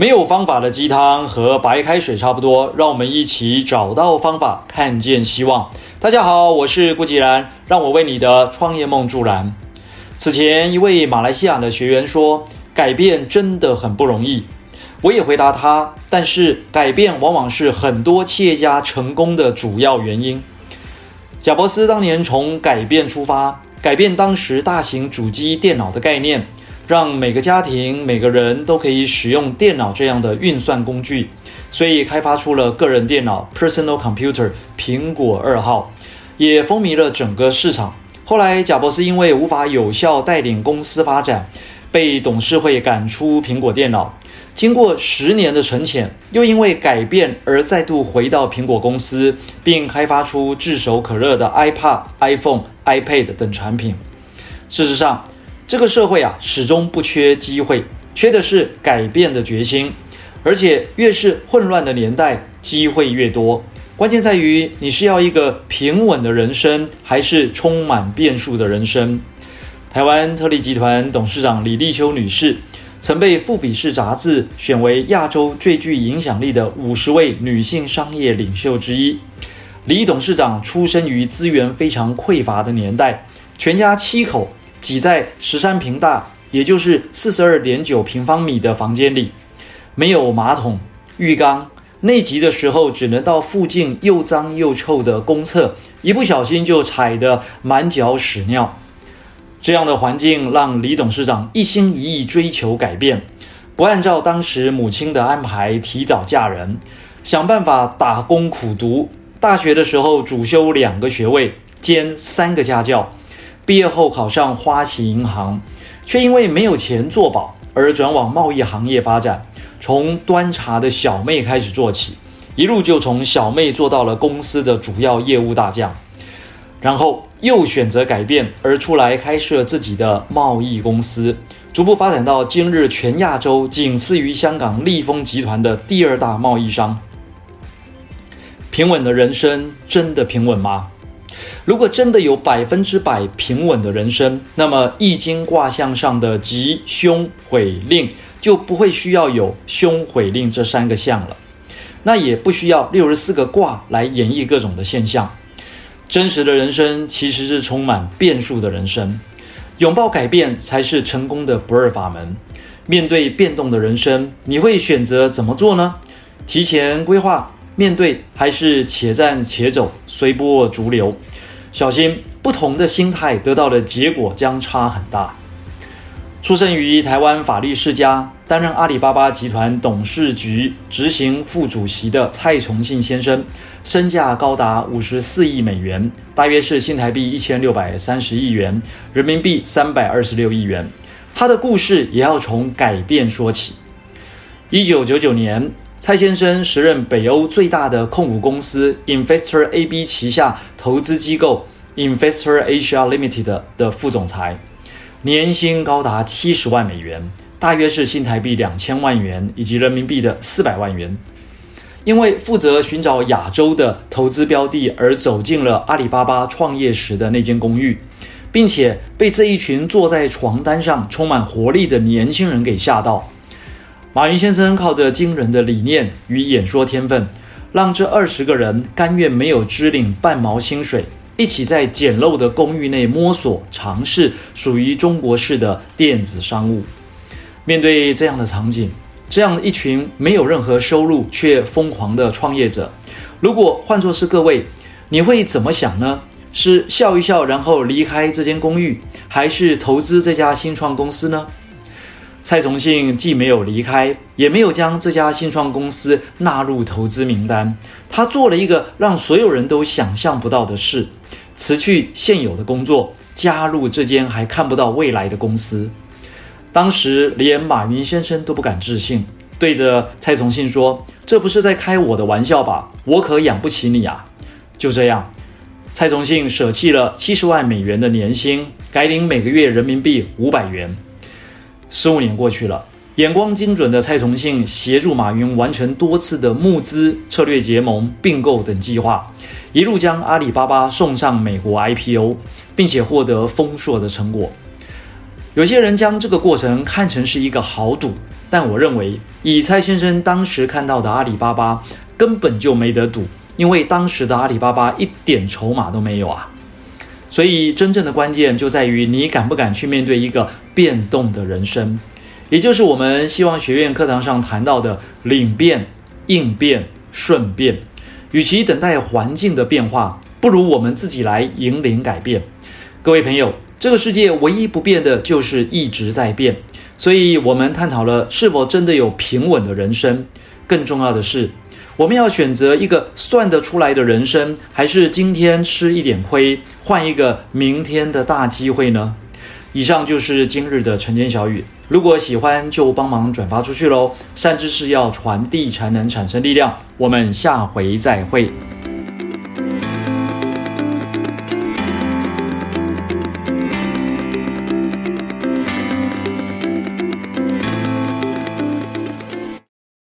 沒有方法的雞湯和白開水差不多，讓我們一起找到方法，看見希望。大家好，我是顧吉然，讓我為你的創業夢助燃。此前，一位馬來西亞的學員說：“改變真的很不容易。”我也回答他：“但是改變往往是很多企業家成功的主要原因。”賈伯斯當年從改變出發，改變當時大型主機電腦的概念。讓每個家庭、每個人都可以使用電腦這樣的運算工具，所以開發出了個人電腦 （Personal Computer）。蘋果二號也風靡了整個市場。後來，賈伯斯因為無法有效帶領公司發展，被董事會趕出蘋果電腦。經過十年的沉潛，又因為改變而再度回到蘋果公司，並開發出炙手可熱的 iPod、iPhone、iPad 等產品。事實上，這個社會啊，始終不缺機會，缺的是改變的決心。而且越是混亂的年代，機會越多。關鍵在於，你是要一個平穩的人生，還是充滿變數的人生？台灣特力集團董事長李立秋女士，曾被《富比士》雜誌選為亞洲最具影響力的五十位女性商業領袖之一。李董事長出生於資源非常匱乏的年代，全家七口。擠在十三平大，也就是四十二點九平方米的房間裡，沒有馬桶、浴缸，內急的時候只能到附近又髒又臭的公廁，一不小心就踩得滿腳屎尿。這樣的環境讓李董事長一心一意追求改變，不按照當時母親的安排提早嫁人，想辦法打工苦讀，大學的時候主修兩個學位，兼三個家教。畢業後考上花旗銀行，卻因為沒有錢做保而轉往貿易行業發展，從端茶的小妹開始做起，一路就從小妹做到了公司的主要業務大將，然後又選擇改變而出來開設自己的貿易公司，逐步發展到今日全亞洲僅次於香港利豐集團的第二大貿易商。平穩的人生真的平穩嗎？如果真的有百分之百平穩的人生，那麼易經卦象上的吉凶悔吝就不會需要有凶悔吝這三個象了，那也不需要六十四個卦來演繹各種的現象。真實的人生其實是充滿變數的人生，擁抱改變才是成功的不二法門。面對變動的人生，你會選擇怎麼做呢？提前規劃面對，還是且戰且走，隨波逐流？小心，不同的心態得到的結果將差很大。出生於台灣法律世家，擔任阿里巴巴集團董事局執行副主席的蔡崇信先生，身價高達五十四億美元，大約是新台幣一千六百三十億元，人民幣三百二十六億元。他的故事也要從改變說起。一九九九年。蔡先生時任北歐最大的控股公司 Investor AB 旗下投資機構 Investor Asia Limited 的副總裁，年薪高達七十萬美元，大約是新台幣兩千萬元以及人民幣的四百萬元。因為負責尋找亞洲的投資標的，而走進了阿里巴巴創業時的那間公寓，並且被這一群坐在床單上充滿活力的年輕人給嚇到。馬雲先生靠着驚人的理念與演說天分，讓這二十個人甘願沒有支領半毛薪水，一起在簡陋的公寓內摸索嘗試屬於中國式的電子商務。面對這樣的場景，這樣一群沒有任何收入卻瘋狂的創業者，如果換作是各位，你會怎麼想呢？是笑一笑然後離開這間公寓，還是投資這家新創公司呢？蔡崇信既沒有離開，也沒有將這家新創公司納入投資名單。他做了一個讓所有人都想象不到的事：辭去現有的工作，加入這間還看不到未來的公司。當時連馬雲先生都不敢置信，對着蔡崇信說：“這不是在開我的玩笑吧？我可養不起你啊！”就這樣，蔡崇信舍棄了七十萬美元的年薪，改領每個月人民幣五百元。十五年過去了，眼光精準的蔡崇信協助馬雲完成多次的募資、策略結盟、併購等計劃，一路將阿里巴巴送上美國 IPO，並且獲得豐碩的成果。有些人將這個過程看成是一個豪賭，但我認為，以蔡先生當時看到的阿里巴巴，根本就沒得賭，因為當時的阿里巴巴一點籌碼都沒有啊。所以，真正的關鍵就在於你敢不敢去面對一個變動的人生，也就是我們希望學院課堂上談到的領變、應變、順變。與其等待環境的變化，不如我們自己來引領改變。各位朋友，這個世界唯一不變的就是一直在變。所以，我們探討了是否真的有平穩的人生。更重要的是，我們要選擇一個算得出來的人生，還是今天吃一點虧，換一個明天的大機會呢？以上就是今日的晨間小語。如果喜歡，就幫忙轉發出去嘍！善知識要傳遞，才能產生力量。我們下回再會。